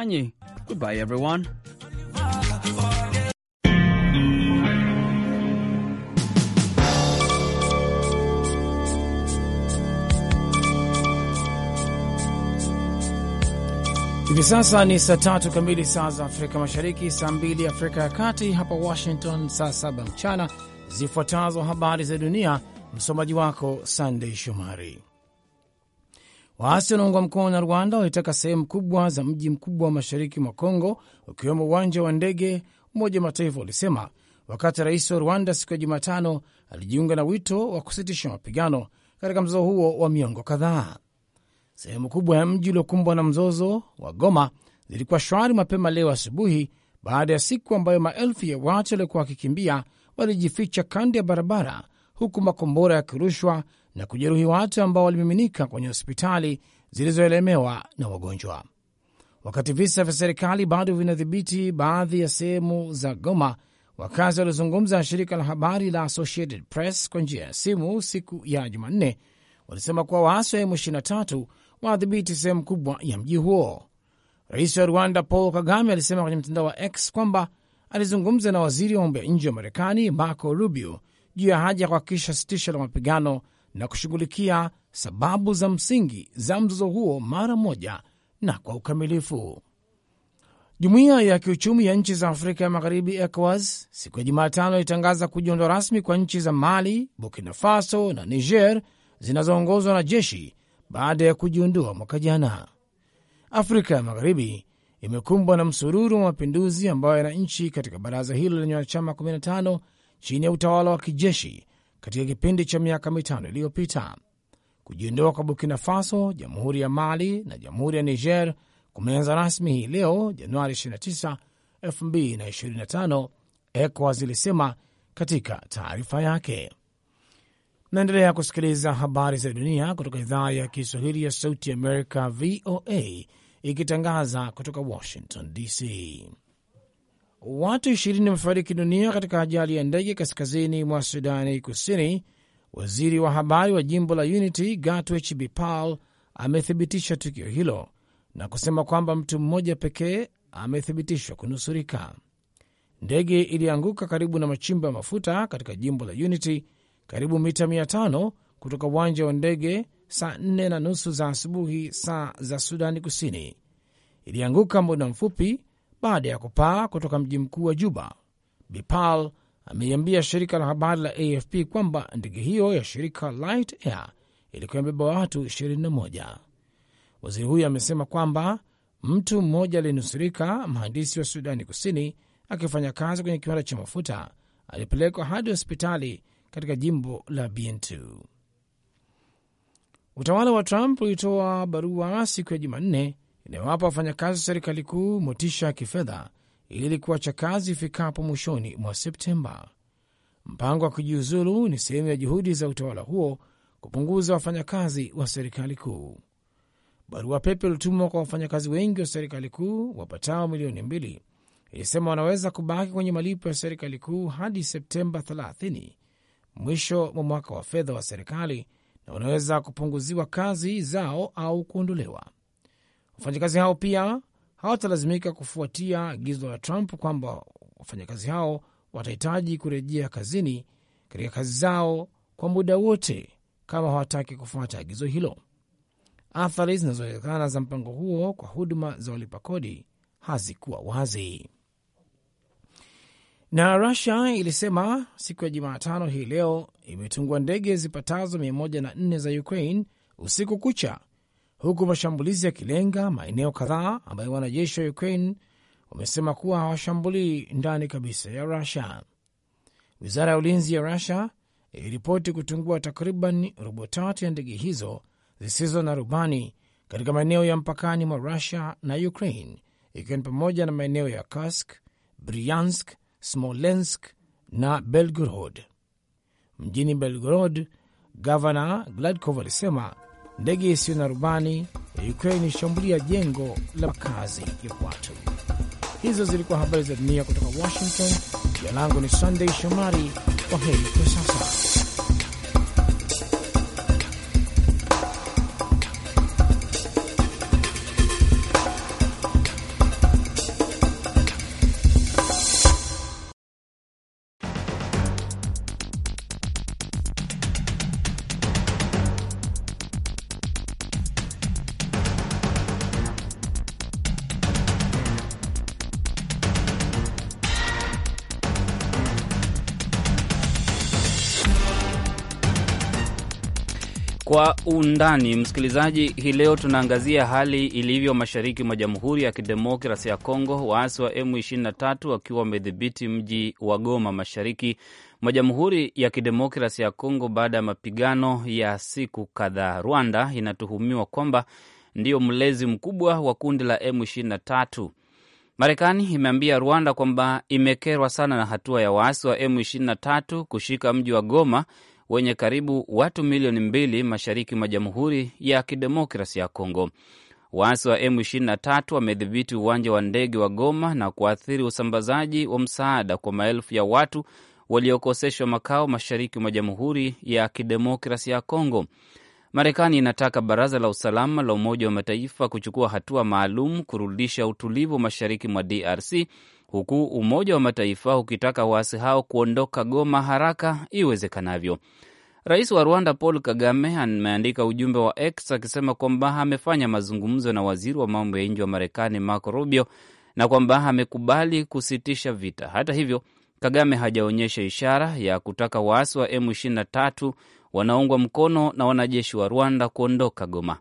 nanyi. Goodbye everyone. Hivi sasa ni saa tatu kamili, saa za Afrika Mashariki, saa mbili Afrika ya Kati, hapa Washington saa saba mchana. Zifuatazo habari za dunia, msomaji wako Sandei Shomari. Waasi wanaungwa mkono na Rwanda walitaka sehemu kubwa za mji mkubwa wa mashariki mwa Kongo, ukiwemo uwanja wa ndege, Umoja wa Mataifa ulisema, wakati rais wa Rwanda siku ya Jumatano alijiunga na wito wa kusitisha mapigano katika mzozo huo wa miongo kadhaa. Sehemu kubwa ya mji uliokumbwa na mzozo wa Goma zilikuwa shwari mapema leo asubuhi, baada ya siku ambayo maelfu ya watu waliokuwa wakikimbia walijificha kando ya barabara, huku makombora yakirushwa na kujeruhi watu ambao walimiminika kwenye hospitali zilizoelemewa na wagonjwa. Wakati visa vya serikali bado vinadhibiti baadhi ya sehemu za Goma, wakazi waliozungumza na shirika la habari la Associated Press kwa njia ya simu siku ya Jumanne walisema kuwa waasi wa M23 wanadhibiti sehemu kubwa ya mji huo. Rais wa Rwanda Paul Kagame alisema kwenye mtandao wa X kwamba alizungumza na waziri wa mambo ya nje wa Marekani Marco Rubio juu ya haja ya kuhakikisha sitisho la mapigano na kushughulikia sababu za msingi za mzozo huo mara moja na kwa ukamilifu. Jumuiya ya kiuchumi ya nchi za Afrika ya Magharibi, ECOWAS, siku ya Jumatano ilitangaza kujiondoa rasmi kwa nchi za Mali, Burkina Faso na Niger zinazoongozwa na jeshi baada ya kujiondoa mwaka jana. Afrika ya Magharibi imekumbwa na msururu wa mapinduzi ambayo yana nchi katika baraza hilo lenye wanachama 15 chini ya utawala wa kijeshi katika kipindi cha miaka mitano iliyopita. Kujiondoa kwa Burkina Faso, jamhuri ya Mali na jamhuri ya Niger kumeanza rasmi hii leo Januari 29, 2025, ECOWAS ilisema katika taarifa yake. Naendelea kusikiliza habari za dunia kutoka idhaa ya Kiswahili ya Sauti ya Amerika, VOA, ikitangaza kutoka Washington DC. Watu ishirini wamefariki dunia katika ajali ya ndege kaskazini mwa Sudani Kusini. Waziri wa habari wa jimbo la Unity Gatwech Bipal amethibitisha tukio hilo na kusema kwamba mtu mmoja pekee amethibitishwa kunusurika. Ndege ilianguka karibu na machimbo ya mafuta katika jimbo la Unity, karibu mita 500 kutoka uwanja wa ndege saa 4 na nusu za asubuhi saa za Sudani Kusini. Ilianguka muda mfupi baada ya kupaa kutoka mji mkuu wa Juba. Bipal ameiambia shirika la habari la AFP kwamba ndege hiyo ya shirika Light Air ilikuwa imebeba watu 21. Waziri huyo amesema kwamba mtu mmoja alinusurika, mhandisi wa Sudani Kusini akifanya kazi kwenye kiwanda cha mafuta, alipelekwa hadi hospitali katika jimbo la Bantu. Utawala wa Trump ulitoa barua siku ya Jumanne inayowapa wafanyakazi wa serikali kuu motisha ya kifedha ili kuacha kazi ifikapo mwishoni mwa Septemba. Mpango wa kujiuzulu ni sehemu ya juhudi za utawala huo kupunguza wafanyakazi wa serikali kuu. Barua pepe ilitumwa kwa wafanyakazi wengi wa serikali kuu wapatao milioni mbili ilisema wanaweza kubaki kwenye malipo ya serikali kuu hadi Septemba 30 mwisho mwa mwaka wa fedha wa serikali, na wanaweza kupunguziwa kazi zao au kuondolewa. Wafanyakazi hao pia hawatalazimika kufuatia agizo la Trump kwamba wafanyakazi hao watahitaji kurejea kazini katika kazi zao kwa muda wote kama hawataki kufuata agizo hilo. Athari zinazoonekana za mpango huo kwa huduma za walipa kodi hazikuwa wazi. Na Rusia ilisema siku ya Jumatano hii leo imetungwa ndege zipatazo mia moja na nne za Ukraine usiku kucha huku mashambulizi yakilenga maeneo kadhaa ambayo wanajeshi wa Ukraine wamesema kuwa hawashambulii ndani kabisa ya Rusia. Wizara ya ulinzi ya Rusia iliripoti kutungua takriban robo tatu ya ndege hizo zisizo na rubani katika maeneo ya mpakani mwa Rusia na Ukraine, ikiwa ni pamoja na maeneo ya Kursk, Briansk, Smolensk na Belgorod. Mjini Belgorod, gavana Gladkov alisema ndege isiyo na rubani ya Ukraine ishambulia jengo la makazi ya watu. Hizo zilikuwa habari za dunia kutoka Washington. Jina langu ni Sunday Shomari. Kwa heri kwa sasa. undani, msikilizaji, hii leo tunaangazia hali ilivyo mashariki mwa Jamhuri ya Kidemokrasi ya Kongo, waasi wa M23 wakiwa wamedhibiti mji wa Goma mashariki mwa Jamhuri ya Kidemokrasi ya Kongo baada ya mapigano ya siku kadhaa. Rwanda inatuhumiwa kwamba ndiyo mlezi mkubwa wa kundi la M23. Marekani imeambia Rwanda kwamba imekerwa sana na hatua ya waasi wa M23 kushika mji wa Goma wenye karibu watu milioni mbili mashariki mwa Jamhuri ya Kidemokrasi ya Kongo. Waasi wa M23 wamedhibiti uwanja wa ndege wa Goma na kuathiri usambazaji wa msaada kwa maelfu ya watu waliokoseshwa makao mashariki mwa Jamhuri ya Kidemokrasi ya Kongo. Marekani inataka Baraza la Usalama la Umoja wa Mataifa kuchukua hatua maalum kurudisha utulivu mashariki mwa DRC huku Umoja wa Mataifa ukitaka waasi hao kuondoka Goma haraka iwezekanavyo. Rais wa Rwanda Paul Kagame ameandika ujumbe wa X akisema kwamba amefanya mazungumzo na waziri wa mambo ya nje wa Marekani Marco Rubio na kwamba amekubali kusitisha vita. Hata hivyo, Kagame hajaonyesha ishara ya kutaka waasi wa M23 wanaungwa mkono na wanajeshi wa Rwanda kuondoka Goma.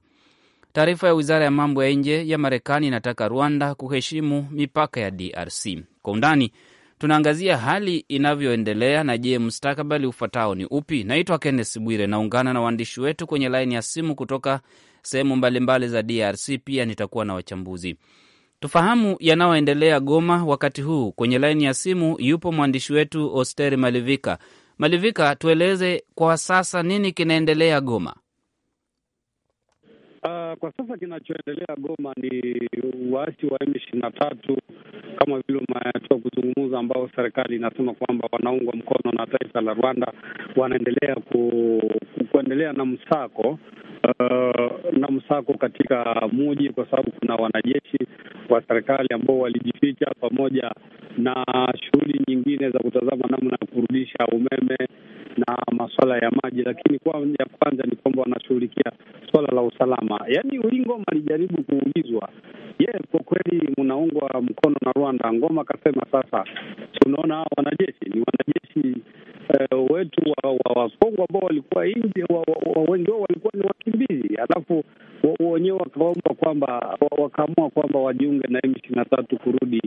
Taarifa ya wizara ya mambo ya nje ya Marekani inataka Rwanda kuheshimu mipaka ya DRC. Kwa undani tunaangazia hali inavyoendelea na je, mustakabali ufuatao ni upi? Naitwa kennes Bwire, naungana na waandishi wetu kwenye laini ya simu kutoka sehemu mbalimbali za DRC. Pia nitakuwa na wachambuzi. Tufahamu yanayoendelea Goma wakati huu. Kwenye laini ya simu yupo mwandishi wetu Osteri Malivika. Malivika, tueleze kwa sasa nini kinaendelea Goma? Uh, kwa sasa kinachoendelea Goma ni waasi wa M ishirini na tatu kama vile umetoa kuzungumza, ambao serikali inasema kwamba wanaungwa mkono na taifa la Rwanda, wanaendelea ku, kuendelea na msako uh, na msako katika muji, kwa sababu kuna wanajeshi wa serikali ambao walijificha pamoja na shughuli nyingine za kutazama namna ya kurudisha umeme na masuala ya maji, lakini kwa ya kwanza ni kwamba wanashughulikia swala la usalama. Yaani, hii ngoma alijaribu kuulizwa, yeah, kwa kweli mnaungwa mkono na Rwanda? Ngoma akasema sasa, tunaona hao wanajeshi ni wanajeshi uh, wetu wa, wa, wa Kongo ambao walikuwa nje, wengi wao walikuwa ni wakimbizi, alafu wenyewe wakaomba kwamba wakaamua kwamba wajiunge na M ishirini na tatu kurudi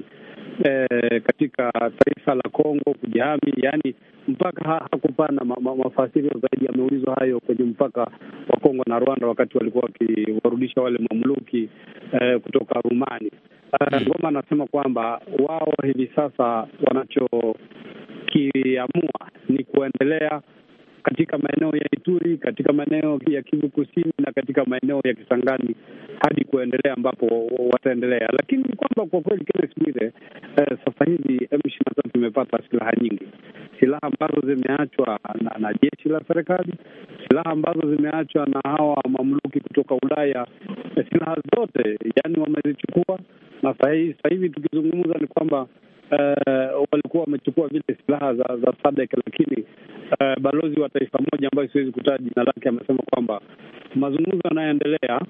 e, katika taifa la Kongo kujihami, yaani mpaka hakupana ma, ma, mafasiri zaidi yameulizwa hayo kwenye mpaka wa Kongo na Rwanda, wakati walikuwa wakiwarudisha wale mamluki e, kutoka Rumani. Eh, hmm. Ngoma anasema kwamba wao hivi sasa wanachokiamua ni kuendelea katika maeneo ya Ituri, katika maeneo ya Kivu Kusini na katika maeneo ya Kisangani hadi kuendelea ambapo wataendelea, lakini kwamba kwa kweli Kenneth Bwire, eh, sasa hivi M23 imepata silaha nyingi, silaha ambazo zimeachwa na, na jeshi la serikali, silaha ambazo zimeachwa na hawa mamluki kutoka Ulaya, eh, silaha zote yani wamezichukua, na sasa hivi tukizungumza ni kwamba Uh, walikuwa wamechukua vile silaha za, za SADC lakini uh, balozi wa taifa moja ambayo siwezi kutaja jina lake amesema kwamba mazungumzo yanayoendelea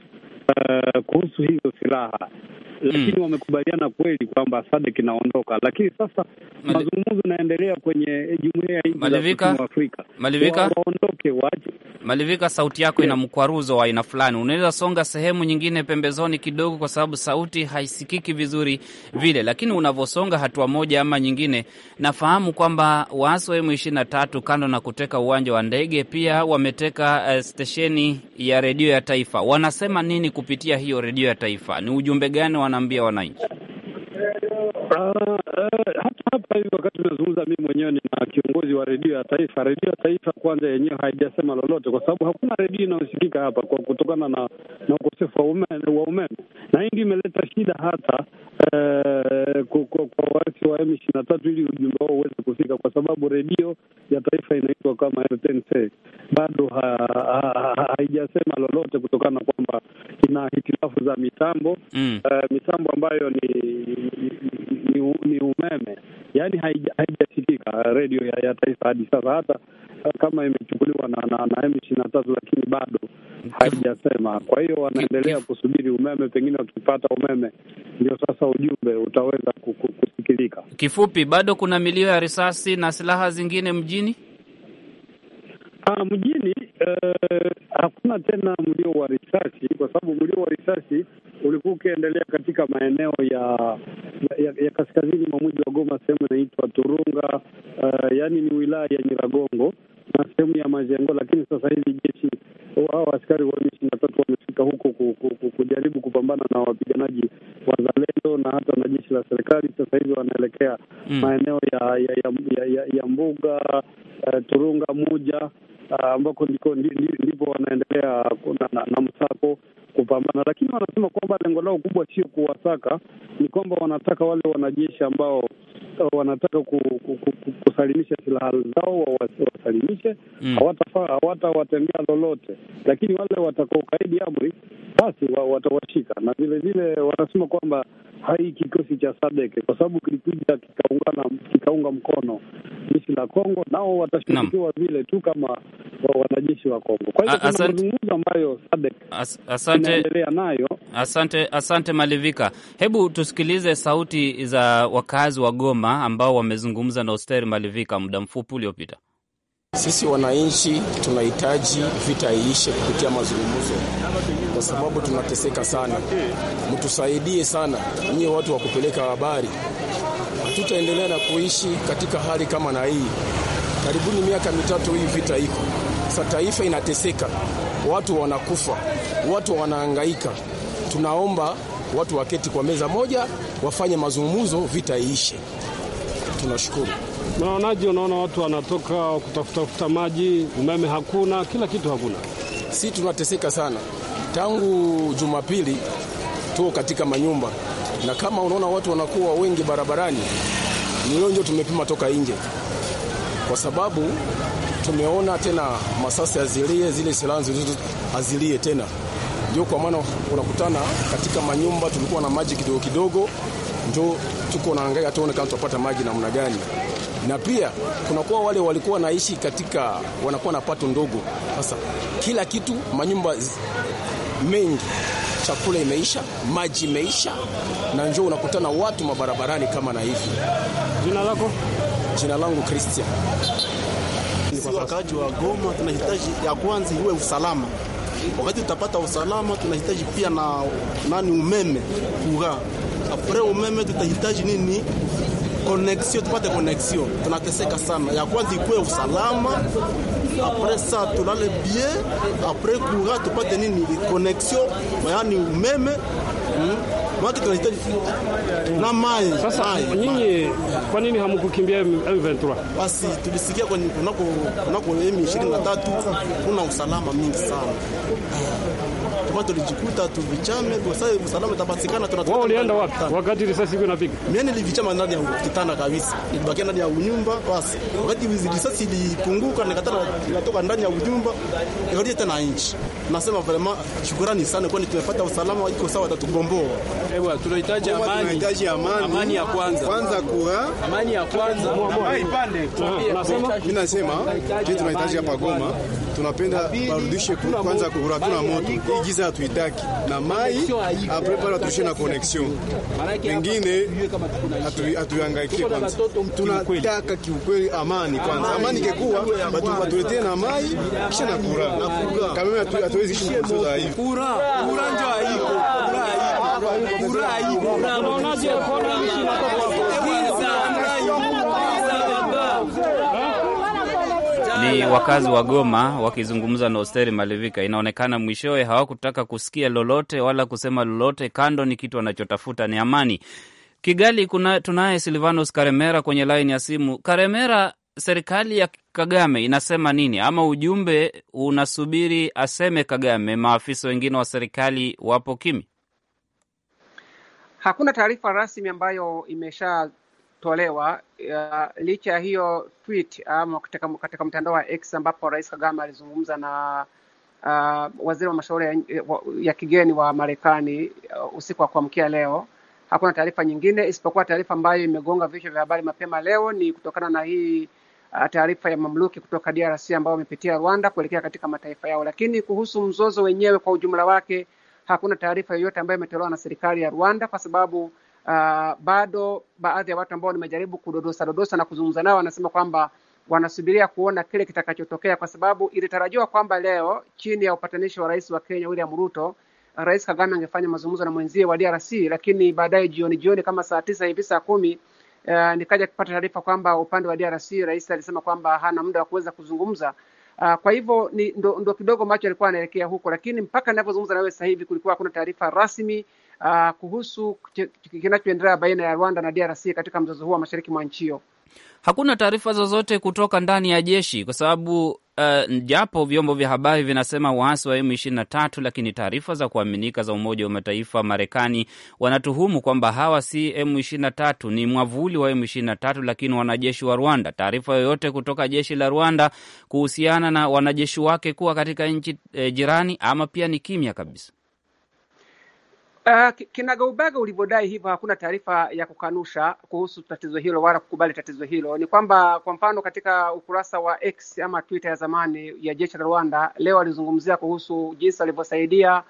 Eh, kuhusu hizo silaha lakini mm. wamekubaliana kweli kwamba SADC inaondoka, lakini sasa Mali... mazungumzo yanaendelea kwenye jumuiya ya nchi za Afrika. Malivika, waondoke waje. Malivika, sauti yako yeah, ina mkwaruzo wa aina fulani, unaweza songa sehemu nyingine pembezoni kidogo, kwa sababu sauti haisikiki vizuri vile, lakini unavyosonga hatua moja ama nyingine, nafahamu kwamba waasi wa M na tatu kando na kuteka uwanja wa ndege pia wameteka uh, stesheni ya redio ya taifa, wanasema nini kupitia hiyo redio ya taifa? Ni ujumbe gani wanaambia wananchi? Uh, uh, hata hapa hivi wakati unazungumza, mimi mwenyewe nina kiongozi wa redio ya taifa. Redio ya taifa kwanza yenyewe haijasema lolote, kwa sababu hakuna redio inayosikika hapa kwa kutokana na, na ukosefu wa umeme, wa umeme, na hii ndio imeleta shida hata uh, kwa waasi wa M ishirini na tatu ili ujumbe wao uweze kufika, kwa sababu redio ya taifa inaitwa kama RTNC bado haijasema ha, ha, lolote kutokana na kwamba ina hitilafu za mitambo mm. Uh, mitambo ambayo ni ni, ni umeme, yaani haijasikika eh, redio ya, ya taifa hadi sasa hata kama imechukuliwa na na, na M 23 na tatu, lakini bado haijasema. Kwa hiyo wanaendelea kusubiri umeme, pengine wakipata umeme ndio sasa ujumbe utaweza kusikilika. Kifupi, bado kuna milio ya risasi na silaha zingine mjini. Ha, ah, mjini eh, hakuna tena mlio wa risasi kwa sababu mlio wa risasi ulikuwa ukiendelea katika maeneo ya ya, ya kaskazini mwa mji wa Goma, sehemu inaitwa Turunga, uh, yaani ni wilaya ya Nyiragongo na sehemu ya majengo, lakini sasa hivi jeshi hao askari wa mishi na tatu wamefika huko kujaribu kupambana na wapiganaji wazalendo na hata na jeshi la serikali. Sasa hivi wanaelekea mm. maeneo ya ya, ya, ya, ya, ya mbuga uh, Turunga Muja eh, ambako uh, ndi, ndi, wanaendelea na, na, na msako kupambana, lakini wanasema kwamba lengo lao kubwa sio kuwasaka, ni kwamba wanataka wale wanajeshi ambao wanataka kusalimisha silaha zao wasalimishe, mm. hawatawatendea mm. lolote, lakini wale watakaokaidi amri basi watawashika, na vilevile wanasema kwamba hai kikosi cha Sadeke kwa sababu kilikuja kikaungana kikaunga mkono jeshi la Kongo, nao watashughulikiwa vile tu kama wanajeshi wa Kongo. Kwa hiyo kuna mazungumzo ambayo Sadek inaendelea nayo. Asante, asante Malivika. Hebu tusikilize sauti za wakazi wa Goma ambao wamezungumza na Osteri Malivika muda mfupi uliopita. Sisi wananchi tunahitaji vita iishe kupitia mazungumzo sababu tunateseka sana. Mtusaidie sana nyie watu wa kupeleka habari, hatutaendelea na kuishi katika hali kama na hii. Karibuni miaka mitatu hii vita iko sasa, taifa inateseka, watu wanakufa, watu wanaangaika Tunaomba watu waketi kwa meza moja, wafanye mazungumzo, vita iishe. Tunashukuru. Unaonaje? Unaona watu wanatoka kutafuta maji, umeme hakuna, kila kitu hakuna si tunateseka sana tangu Jumapili tuko katika manyumba, na kama unaona watu wanakuwa wengi barabarani, ni hiyo ndio tumepima toka nje, kwa sababu tumeona tena masasi azilie zile silaha azilie tena, ndio kwa maana unakutana katika manyumba. Tulikuwa na maji kidogo kidogo, ndio tuko naangalia tuone kama tutapata maji namna gani na pia kunakuwa wale walikuwa naishi katika wanakuwa na pato ndogo. Sasa kila kitu, manyumba mengi, chakula imeisha, maji imeisha, na njoo unakutana watu mabarabarani kama na hivi. Jina lako? Jina langu Christian. Wakaaji wa Goma, tunahitaji ya kwanza iwe usalama. Wakati tutapata usalama, tunahitaji pia na nani, umeme kuga. Apre umeme tutahitaji nini? connection, tupate connection. Tunateseka sana, ya kwanza ikuwe usalama, apres sa tulale bie, apres kura tupate nini connection, mayani umeme mm. Na mai. Sasa nyinyi kwa nini hamukukimbia M23? Basi tulisikia kunako M23 kuna usalama mingi sana tulikuwa tulijikuta tuvichame, sasa usalama utapatikana. Tunatoka wao ulienda wapi wakati risasi iko inapiga? Mimi nilivichama ndani ya kitanda kabisa, nilibakia ndani ya unyumba. Basi wakati risasi ilipunguka, nikatana natoka ndani ya unyumba, nikarudia tena nje. Nasema vraiment shukrani sana, kwani tumepata usalama, iko sawa, tatugomboa. Eh bwana, tunahitaji amani, tunahitaji amani, amani ya kwanza kwanza, kura amani ya kwanza. Mimi nasema kitu tunahitaji hapa Goma tunapenda barudishe kwanza kuratuna moto igiza hatuitaki na mai apre pale tushe na connection mengine hatuangaikie kwanza. Tunataka kiukweli amani kwanza, amani kekuwa watu watuletee na mai kisha na kura kama hatuwezi ishi mkuzo za hivi kura kura ndio haiko kura haiko kura haiko ni wakazi wa Goma wakizungumza na Osteri Malivika. Inaonekana mwishowe hawakutaka kusikia lolote wala kusema lolote kando, ni kitu anachotafuta ni amani. Kigali kuna, tunaye Silvanus Karemera kwenye laini ya simu. Karemera, serikali ya Kagame inasema nini, ama ujumbe unasubiri aseme Kagame? Maafisa wengine wa serikali wapo kimi. Hakuna taarifa rasmi ambayo imesha kutolewa uh, licha ya hiyo tweet ama katika, katika mtandao wa X ambapo Rais Kagame alizungumza na uh, waziri wa mashauri ya, ya kigeni wa Marekani uh, usiku wa kuamkia leo. Hakuna taarifa nyingine isipokuwa taarifa ambayo imegonga vichwa vya habari mapema leo ni kutokana na hii uh, taarifa ya mamluki kutoka DRC ambao wamepitia Rwanda kuelekea katika mataifa yao, lakini kuhusu mzozo wenyewe kwa ujumla wake hakuna taarifa yoyote ambayo imetolewa na serikali ya Rwanda kwa sababu uh, bado baadhi ya watu ambao nimejaribu kudodosa dodosa na kuzungumza nao wanasema kwamba wanasubiria kuona kile kitakachotokea, kwa sababu ilitarajiwa kwamba leo chini ya upatanishi wa rais wa Kenya William Ruto, Rais Kagame angefanya mazungumzo na mwenzie wa DRC, lakini baadaye jioni jioni kama saa tisa hivi saa kumi uh, nikaja kupata taarifa kwamba upande wa DRC rais alisema kwamba hana muda wa kuweza kuzungumza Uh, kwa hivyo ni ndo, ndo kidogo macho alikuwa anaelekea huko, lakini mpaka ninavyozungumza nawe sasa hivi kulikuwa hakuna taarifa rasmi uh, kuhusu kinachoendelea baina ya Rwanda na DRC katika mzozo huu wa mashariki mwa nchi hiyo. Hakuna taarifa zozote kutoka ndani ya jeshi, kwa sababu uh, japo vyombo vya habari vinasema waasi wa M23, lakini taarifa za kuaminika za Umoja wa Mataifa, Marekani wanatuhumu kwamba hawa si M23, ni mwavuli wa M23, lakini wanajeshi wa Rwanda. Taarifa yoyote kutoka jeshi la Rwanda kuhusiana na wanajeshi wake kuwa katika nchi eh, jirani ama pia ni kimya kabisa. Uh, kinagaubaga ulivyodai hivyo, hakuna taarifa ya kukanusha kuhusu tatizo hilo wala kukubali tatizo hilo. Ni kwamba kwa mfano katika ukurasa wa X ama Twitter ya zamani ya jeshi la Rwanda leo alizungumzia kuhusu jinsi walivyosaidia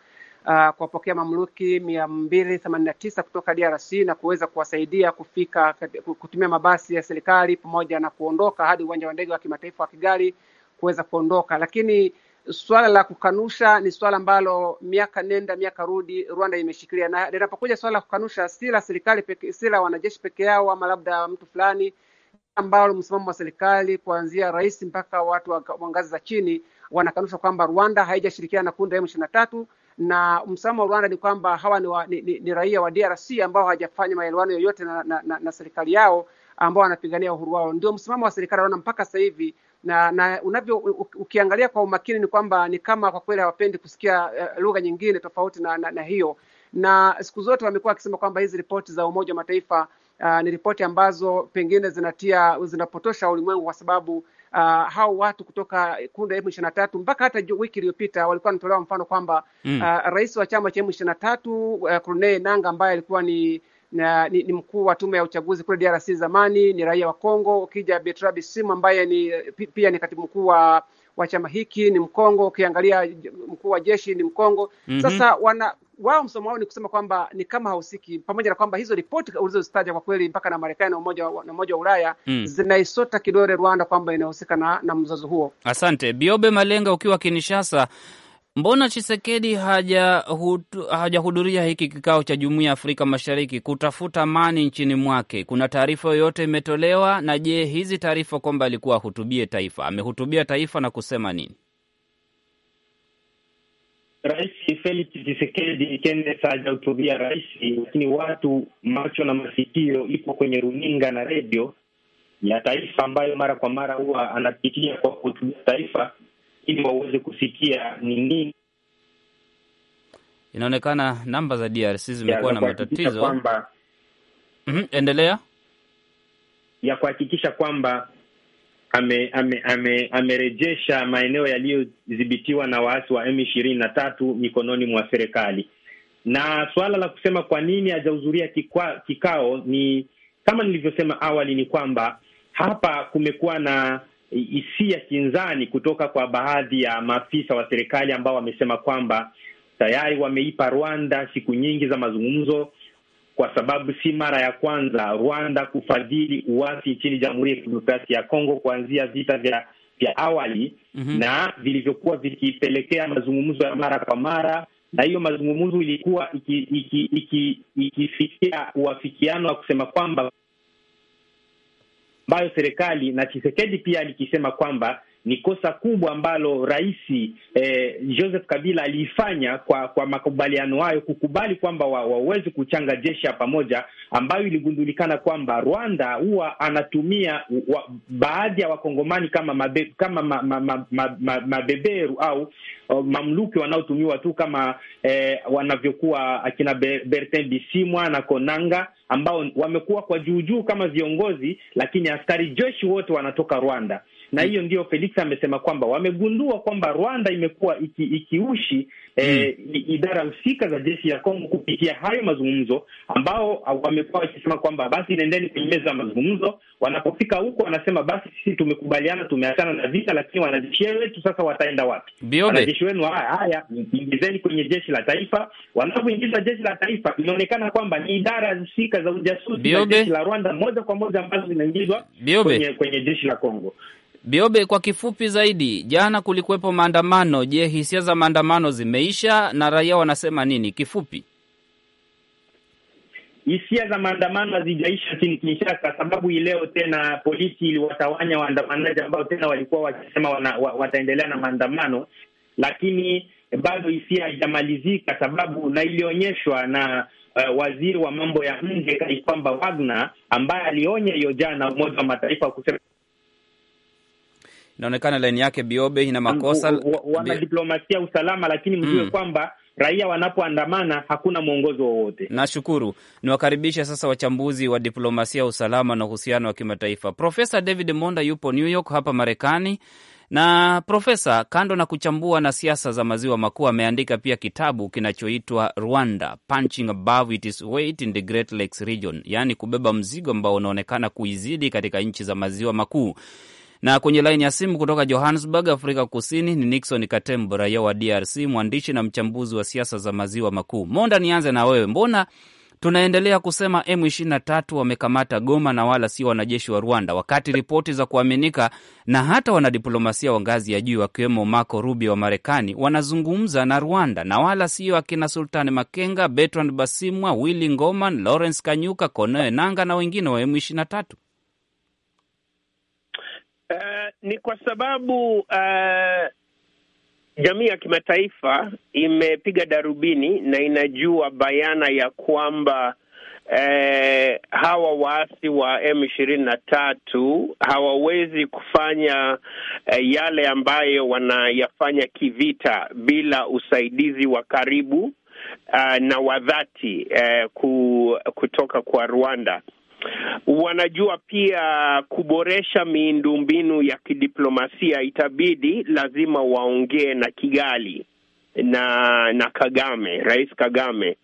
uh, eh, kuwapokea mamluki mia mbili themanini na tisa kutoka DRC na kuweza kuwasaidia kufika kutumia mabasi ya serikali pamoja na kuondoka hadi uwanja wa ndege wa kimataifa wa Kigali kuweza kuondoka, lakini Swala la kukanusha ni swala ambalo miaka nenda miaka rudi Rwanda imeshikilia, na linapokuja swala la kukanusha, si la serikali peke, si la wanajeshi peke yao ama labda mtu fulani, ambalo msimamo wa serikali kuanzia rais mpaka watu wa ngazi za chini wanakanusha kwamba Rwanda haijashirikiana na kundi la M23 na msimamo wa Rwanda ni kwamba hawa ni, wa, ni, ni, ni raia wa DRC ambao hawajafanya maelewano yoyote na, na, na, na serikali yao ambao wanapigania uhuru wao. Ndio msimamo wa serikali Rwanda mpaka sasa hivi na na unavyo ukiangalia kwa umakini ni kwamba ni kama kwa kweli hawapendi kusikia uh, lugha nyingine tofauti na, na, na hiyo na siku zote wamekuwa wakisema kwamba hizi ripoti za Umoja wa Mataifa uh, ni ripoti ambazo pengine zinatia zinapotosha ulimwengu kwa sababu uh, hao watu kutoka kundi la M23 mpaka hata wiki iliyopita walikuwa wanatolewa mfano kwamba mm. uh, rais wa chama cha M23 uh, eh, Corneille Nangaa ambaye alikuwa ni na, ni, ni mkuu wa tume ya uchaguzi kule DRC zamani, ni raia wa Kongo. Ukija Betrabi Bisimwa ambaye ni pia ni katibu mkuu wa wa chama hiki ni Mkongo. Ukiangalia mkuu wa jeshi ni Mkongo. mm -hmm. Sasa wana wao msomo wao ni kusema kwamba ni kama hahusiki, pamoja na kwamba hizo ripoti ulizozitaja kwa kweli mpaka na Marekani na Umoja na Umoja wa Ulaya mm. zinaisota kidole Rwanda kwamba inahusika na, na mzozo huo. Asante Biobe Malenga ukiwa Kinshasa. Mbona Chisekedi hajahudhuria haja hiki kikao cha jumuiya ya Afrika Mashariki kutafuta amani nchini mwake? Kuna taarifa yoyote imetolewa? Na je, hizi taarifa kwamba alikuwa ahutubie taifa, amehutubia taifa na kusema nini? Rais Felix Chisekedi Kendes hajahutubia rais, lakini watu macho na masikio ipo kwenye runinga na redio ya taifa, ambayo mara kwa mara huwa anapitia kwa kuhutubia taifa ili waweze kufikia nini. Inaonekana namba za DRC zimekuwa na matatizo kwamba... mm -hmm, endelea ya kuhakikisha kwamba amerejesha ame, ame maeneo yaliyodhibitiwa na waasi wa M ishirini na tatu mikononi mwa serikali. Na suala la kusema kwa nini hajahudhuria kikao ni kama nilivyosema awali, ni kwamba hapa kumekuwa na hisia kinzani kutoka kwa baadhi ya maafisa wa serikali ambao wamesema kwamba tayari wameipa Rwanda siku nyingi za mazungumzo, kwa sababu si mara ya kwanza Rwanda kufadhili uasi nchini Jamhuri ya Kidemokrasia ya Kongo kuanzia vita vya vya awali mm -hmm. na vilivyokuwa vikipelekea mazungumzo ya mara kwa mara, na hiyo mazungumzo ilikuwa ikifikia iki, iki, iki, uafikiano wa kusema kwamba ambayo serikali na Chisekedi pia alikisema kwamba ni kosa kubwa ambalo rais eh, Joseph Kabila aliifanya kwa kwa makubaliano hayo, kukubali kwamba wawezi wa kuchanga jeshi ya pamoja, ambayo iligundulikana kwamba Rwanda huwa anatumia wa, baadhi ya wakongomani kama mabe, kama ma, ma, ma, ma, ma, mabeberu au mamluki wanaotumiwa tu kama eh, wanavyokuwa akina Bertin Bisimwa na Konanga ambao wamekuwa kwa juujuu kama viongozi, lakini askari jeshi wote wanatoka Rwanda na hiyo ndio Felix amesema kwamba wamegundua kwamba Rwanda imekuwa iki, ikiushi eh, hmm. idara husika za jeshi ya Kongo kupitia hayo mazungumzo, ambao wamekuwa wakisema kwamba basi nendeni kwenye meza ya mazungumzo. Wanapofika huko wanasema basi sisi tumekubaliana, tumeachana na vita, lakini wanajeshi wetu sasa wataenda wapi? Wanajeshi wenu haya haya, ingizeni kwenye jeshi la taifa. Wanapoingiza jeshi la taifa, inaonekana kwamba ni idara husika za ujasusi za jeshi la Rwanda moja kwa moja ambazo zinaingizwa kwenye, kwenye jeshi la Kongo. Biobe, kwa kifupi zaidi, jana kulikuwepo maandamano. Je, hisia za maandamano zimeisha na raia wanasema nini? Kifupi, hisia za maandamano hazijaisha chini Kinshasa, sababu hii leo tena polisi iliwatawanya waandamanaji ambao tena walikuwa wakisema wana, wa, wataendelea na maandamano, lakini bado hisia haijamalizika, sababu na ilionyeshwa na Uh, waziri wa mambo ya nje kwamba Wagner ambaye alionya hiyo jana Umoja wa Mataifa kusema inaonekana laini yake Biobe ina makosa. Wanadiplomasia usalama, lakini mjue mm. kwamba raia wanapoandamana hakuna mwongozo wowote. Nashukuru, niwakaribishe sasa wachambuzi wa diplomasia, usalama na uhusiano wa kimataifa. Profesa David Monda yupo New York hapa Marekani. Na profesa, kando na kuchambua na siasa za maziwa makuu, ameandika pia kitabu kinachoitwa Rwanda Punching Above Its Weight in the Great Lakes Region, yaani kubeba mzigo ambao unaonekana kuizidi katika nchi za maziwa makuu. Na kwenye laini ya simu kutoka Johannesburg, Afrika Kusini, ni Nixon Katembo, raia wa DRC, mwandishi na mchambuzi wa siasa za maziwa makuu. Monda, nianze na wewe, mbona tunaendelea kusema M23 wamekamata Goma na wala sio wanajeshi wa Rwanda, wakati ripoti za kuaminika na hata wanadiplomasia wa ngazi ya juu wakiwemo Marco Rubio wa Marekani wanazungumza na Rwanda na wala sio akina Sultani Makenga, Bertrand Basimwa, Willy Ngoman, Lawrence Kanyuka, Konoe Nanga na wengine wa M23? Uh, ni kwa sababu uh, jamii ya kimataifa imepiga darubini na inajua bayana ya kwamba eh, hawa waasi wa M ishirini na tatu hawawezi kufanya eh, yale ambayo wanayafanya kivita bila usaidizi wa karibu uh, na wadhati eh, kutoka kwa Rwanda wanajua pia kuboresha miundombinu ya kidiplomasia, itabidi lazima waongee na Kigali na na Kagame, Rais Kagame,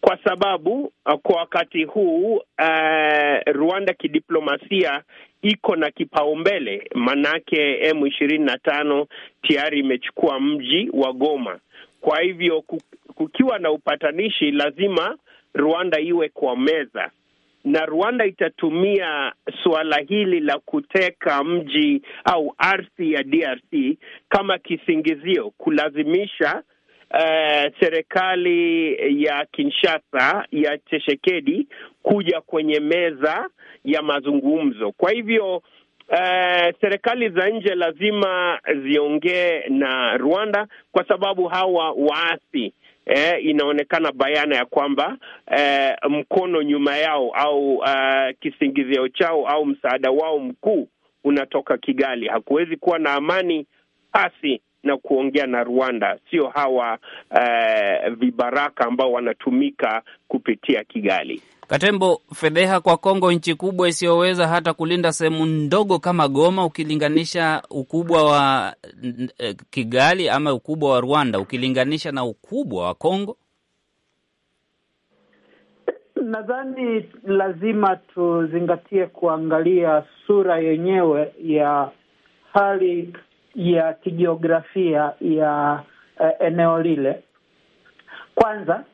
kwa sababu uh, kwa wakati huu uh, Rwanda kidiplomasia iko na kipaumbele, manake M ishirini na tano tayari imechukua mji wa Goma. Kwa hivyo kukiwa na upatanishi, lazima Rwanda iwe kwa meza na Rwanda itatumia suala hili la kuteka mji au ardhi ya DRC kama kisingizio kulazimisha uh, serikali ya Kinshasa ya Tshisekedi kuja kwenye meza ya mazungumzo. Kwa hivyo Uh, serikali za nje lazima ziongee na Rwanda kwa sababu hawa waasi eh, inaonekana bayana ya kwamba eh, mkono nyuma yao au uh, kisingizio chao au msaada wao mkuu unatoka Kigali. Hakuwezi kuwa na amani pasi na kuongea na Rwanda, sio hawa uh, vibaraka ambao wanatumika kupitia Kigali. Katembo, fedheha kwa Kongo, nchi kubwa isiyoweza hata kulinda sehemu ndogo kama Goma, ukilinganisha ukubwa wa eh, Kigali ama ukubwa wa Rwanda, ukilinganisha na ukubwa wa Kongo. Nadhani lazima tuzingatie kuangalia sura yenyewe ya hali ya kijiografia ya uh, eneo lile. Kwanza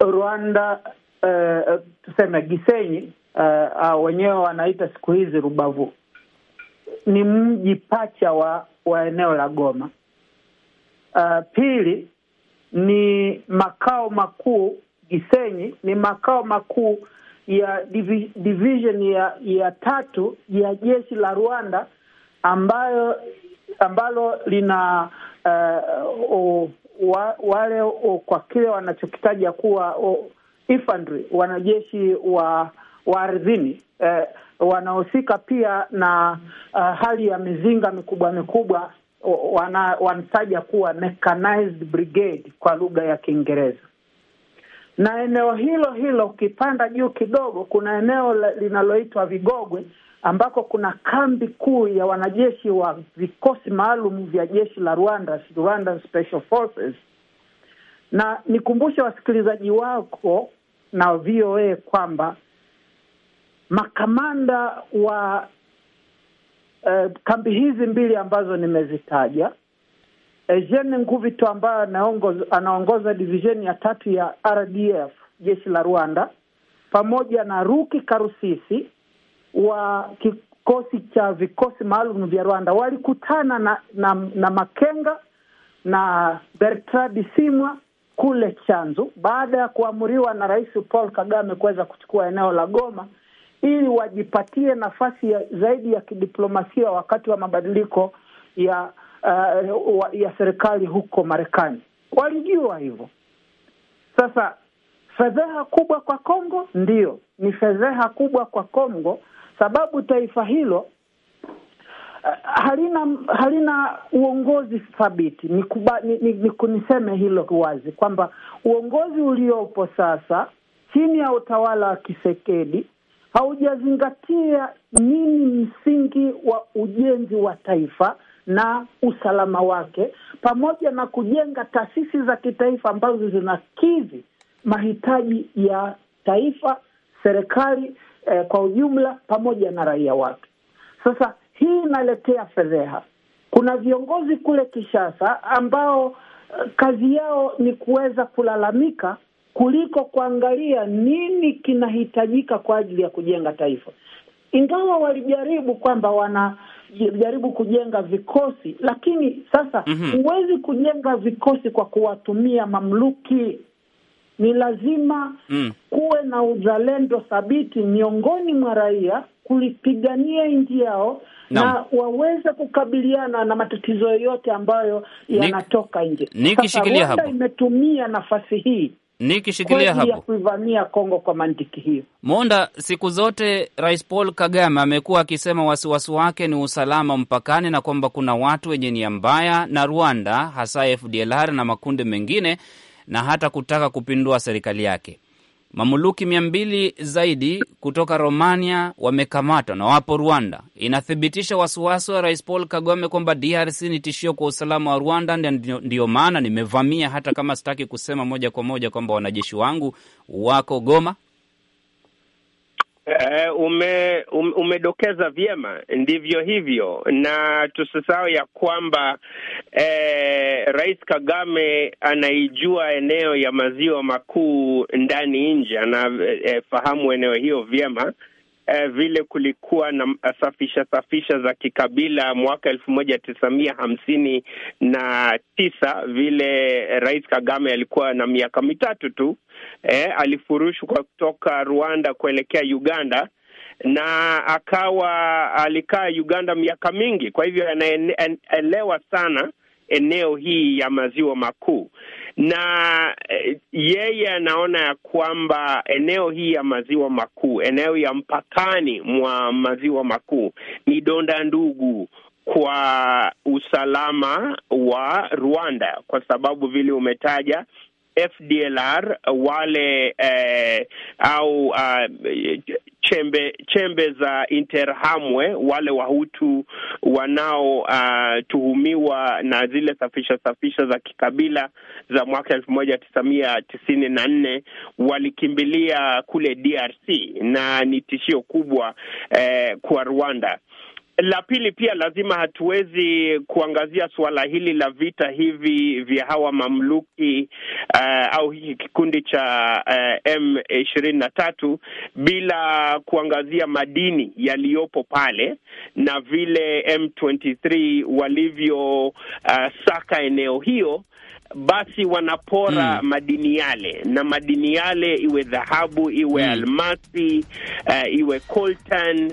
uh, Rwanda uh, tuseme Gisenyi uh, uh, wenyewe wanaita siku hizi Rubavu ni mji pacha wa, wa eneo la Goma. Uh, pili ni makao makuu Gisenyi ni makao makuu ya divi, division ya ya tatu ya jeshi la Rwanda ambayo ambalo lina uh, wa, wale o, kwa kile wanachokitaja kuwa o, infantry, wanajeshi wa wa ardhini eh, wanahusika pia na uh, hali ya mizinga mikubwa mikubwa wana, wanataja kuwa mechanized brigade kwa lugha ya Kiingereza. Na eneo hilo hilo ukipanda juu kidogo, kuna eneo linaloitwa Vigogwe ambako kuna kambi kuu ya wanajeshi wa vikosi maalum vya jeshi la Rwanda, Rwanda Special Forces. Na nikumbushe wasikilizaji wako na VOA kwamba makamanda wa eh, kambi hizi mbili ambazo nimezitaja Eugene eh, Nguvito ambaye anaongoza divisheni ya tatu ya RDF jeshi la Rwanda, pamoja na Ruki Karusisi wa kikosi cha vikosi maalum vya Rwanda walikutana na, na, na Makenga na Bertrand Simwa kule Chanzu baada ya kuamuriwa na Rais Paul Kagame kuweza kuchukua eneo la Goma ili wajipatie nafasi ya zaidi ya kidiplomasia wakati wa mabadiliko ya uh, ya serikali huko Marekani. Walijua hivyo. Sasa fedheha kubwa kwa Kongo, ndio ni fedheha kubwa kwa Kongo, sababu taifa hilo eh, halina halina uongozi thabiti. Niseme hilo wazi kwamba uongozi uliopo sasa chini ya utawala wa Kisekedi haujazingatia nini msingi wa ujenzi wa taifa na usalama wake, pamoja na kujenga taasisi za kitaifa ambazo zinakidhi mahitaji ya taifa, serikali eh, kwa ujumla pamoja na raia wake. Sasa hii inaletea fedheha. Kuna viongozi kule Kishasa ambao eh, kazi yao ni kuweza kulalamika kuliko kuangalia nini kinahitajika kwa ajili ya kujenga taifa. Ingawa walijaribu kwamba wanajaribu kujenga vikosi, lakini sasa mhm. huwezi mm -hmm. kujenga vikosi kwa kuwatumia mamluki ni lazima mm, kuwe na uzalendo thabiti miongoni mwa raia kulipigania nchi yao na, na waweze kukabiliana na matatizo yoyote ambayo yanatoka nje. Nikishikilia hapo, imetumia nafasi hii nikishikilia hapo ya kuivamia Kongo kwa mantiki hiyo. Monda, siku zote Rais Paul Kagame amekuwa akisema wasiwasi wake ni usalama mpakani na kwamba kuna watu wenye nia mbaya na Rwanda, hasa FDLR na makundi mengine na hata kutaka kupindua serikali yake. Mamuluki mia mbili zaidi kutoka Romania wamekamatwa na wapo Rwanda. Inathibitisha wasiwasi wa Rais Paul Kagame kwamba DRC ni tishio kwa usalama wa Rwanda. Ndiyo maana nimevamia, hata kama sitaki kusema moja kwa moja kwamba wanajeshi wangu wako Goma, Uh, ume, um, umedokeza vyema, ndivyo hivyo, na tusisahau ya kwamba eh, Rais Kagame anaijua eneo ya maziwa makuu ndani nje, anafahamu eh, eneo hiyo vyema eh, vile kulikuwa na eh, safisha safisha za kikabila mwaka elfu moja tisa mia hamsini na tisa vile eh, Rais Kagame alikuwa na miaka mitatu tu eh, alifurushwa kutoka Rwanda kuelekea Uganda na akawa alikaa Uganda miaka mingi, kwa hivyo anaelewa sana eneo hii ya maziwa makuu na eh, yeye anaona ya kwamba eneo hii ya maziwa makuu, eneo ya mpakani mwa maziwa makuu ni donda ndugu kwa usalama wa Rwanda kwa sababu vile umetaja FDLR wale eh, au uh, chembe chembe za Interhamwe wale wahutu wanaotuhumiwa eh, uh, na zile safisha safisha za kikabila za mwaka elfu moja tisamia tisini na nne walikimbilia kule DRC na ni tishio kubwa eh, kwa Rwanda. La pili pia lazima hatuwezi kuangazia suala hili la vita hivi vya hawa mamluki uh, au hiki kikundi cha uh, M ishirini na tatu bila kuangazia madini yaliyopo pale na vile M23 walivyosaka eh, uh, eneo hiyo basi wanapora mm. madini yale, na madini yale iwe dhahabu iwe mm. almasi uh, iwe coltan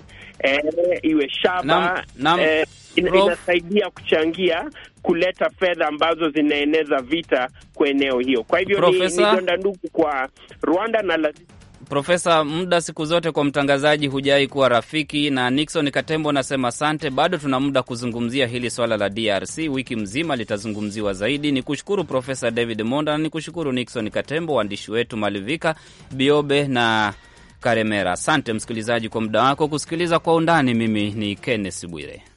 uh, iwe shaba nam, nam. Uh, eh, inasaidia kuchangia kuleta fedha ambazo zinaeneza vita kwa eneo hiyo. Kwa hivyo ni, ni donda ndugu kwa Rwanda na lazima Profesa, muda siku zote kwa mtangazaji hujai kuwa rafiki, na Nixon Katembo nasema asante. Bado tuna muda kuzungumzia hili swala la DRC, wiki mzima litazungumziwa zaidi. Ni kushukuru Profesa David Monda na ni kushukuru Nixon Katembo, waandishi wetu Malivika Biobe na Karemera. Asante msikilizaji kwa muda wako kusikiliza Kwa Undani. Mimi ni Kenneth Bwire.